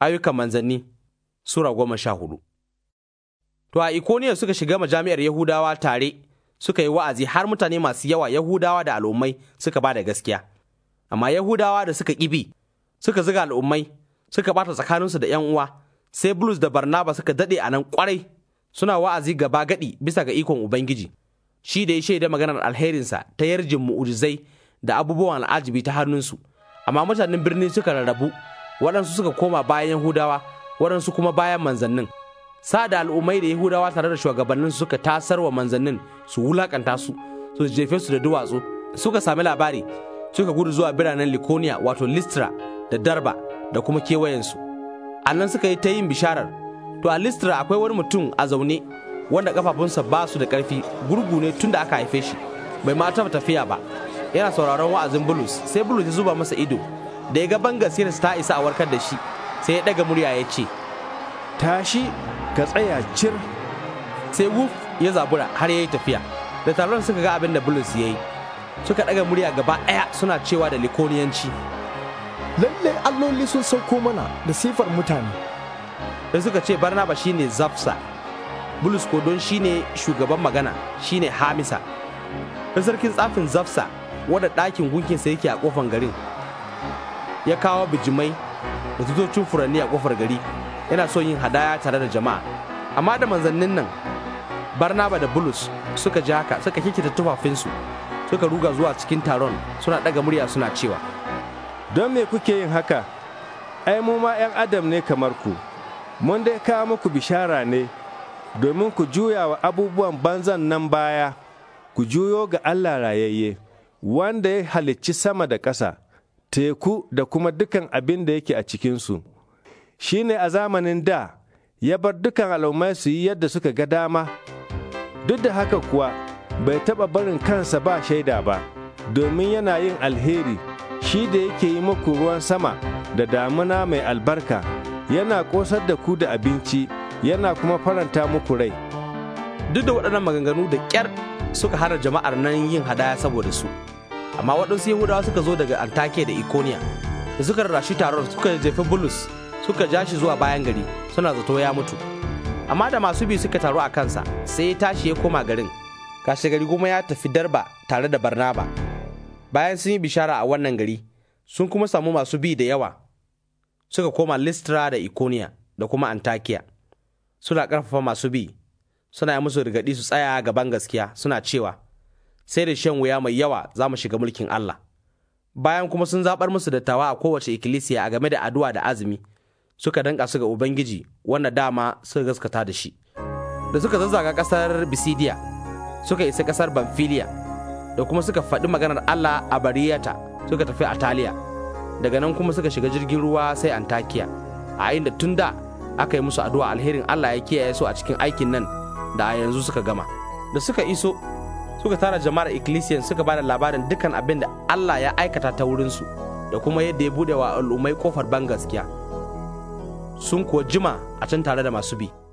Ayyukan manzanni Sura goma sha hudu. To a Ikoniya suka shiga majami'ar Yahudawa tare suka yi wa'azi har mutane masu yawa Yahudawa da al'ummai suka ba da gaskiya. Amma Yahudawa da suka ƙibi suka ziga al'ummai suka bata tsakaninsu da 'yan uwa sai Bulus da Barnaba suka daɗe a nan kwarai suna wa'azi gaba gaɗi bisa ga ikon Ubangiji. Shi da ya shaida maganar alherinsa ta yarjin mu'ujizai da abubuwan al'ajibi ta hannunsu. Amma mutanen birni suka rarrabu waɗansu suka koma bayan yahudawa waɗansu kuma bayan manzannin sa da al'ummai da yahudawa tare da shugabannin suka tasar wa manzannin su wulakanta su su jefe su da duwatsu suka sami labari suka gudu zuwa biranen likoniya wato listra da darba da kuma kewayensu a nan suka yi ta yin bisharar to a listra akwai wani mutum a zaune wanda kafafunsa ba su da ƙarfi gurgu ne tun da aka haife shi bai ma taɓa tafiya ba yana sauraron wa'azin bulus sai bulus ya zuba masa ido da ya ga bangasirarsa ta isa a warkar da shi sai ya daga murya ya ce tashi ka tsaya cir sai wuf ya zabura har ya yi tafiya da taron suka ga abin da bulus ya yi suka ɗaga murya gaba ɗaya suna cewa da likoniyanci lalle alloli sun sauko mana da sifar mutane da suka ce barnaba shine zafsa bulus ko don shine shugaban magana shine hamisa da sarkin tsafin zafsa wadda ɗakin gunkinsa yake a kofan garin ya kawo bijimai da tutocin furanni a kofar gari yana so yin hadaya tare da jama'a amma da manzannin nan barnaba da bulus suka ji haka suka kikita tufafinsu suka ruga zuwa cikin taron suna ɗaga murya suna cewa don me kuke yin haka ai mu ma 'yan adam ne kamar ku mun dai kawo muku bishara ne domin ku juya wa abubuwan banzan nan baya ku juyo ga allah rayayye wanda ya halicci sama da ƙasa teku da kuma dukan abin da yake a cikinsu. Shi ne a zamanin da ya bar dukan al'ummai su yi yadda suka ga dama, duk da haka kuwa bai taɓa barin kansa ba shaida ba, domin yana yin alheri shi da yake yi muku ruwan sama da damuna mai albarka, yana ƙosar da ku da abinci, yana kuma faranta muku rai. Duk da waɗannan maganganu da ƙyar suka hana jama'ar nan yin hadaya saboda su. amma waɗansu yahudawa suka zo daga antake da ikoniya da suka rarrashi taron suka jefi bulus suka ja shi zuwa bayan gari suna zato ya mutu amma da masu bi suka taru a kansa sai ya tashi ya koma garin kashe gari kuma ya tafi darba tare da barnaba bayan sun yi bishara a wannan gari sun kuma samu masu bi da yawa suka koma listra da ikoniya da kuma antakiya suna ƙarfafa masu bi suna yi musu rigaɗi su tsaya gaban gaskiya suna cewa sai da shan wuya mai yawa za mu shiga mulkin Allah. Bayan kuma sun zaɓar musu dattawa a kowace ikkilisiya a game da addu'a da azumi, suka danƙa su ga Ubangiji wanda dama suka gaskata da shi. Da suka zazzaga ƙasar Bisidiya, suka isa ƙasar Bamfiliya, da kuma suka faɗi maganar Allah a Bariyata suka tafi Ataliya. Daga nan kuma suka shiga jirgin ruwa sai Antakiya, a inda tun da aka yi musu addu'a alherin Allah ya kiyaye su a cikin aikin nan da a yanzu suka gama. Da suka iso suka tara jama'ar ikkilisiyan suka bada labarin dukkan abin da Allah ya aikata ta wurinsu da kuma yadda ya bude wa al'ummai kofar ban gaskiya sun kuwa jima a can tare da masu bi.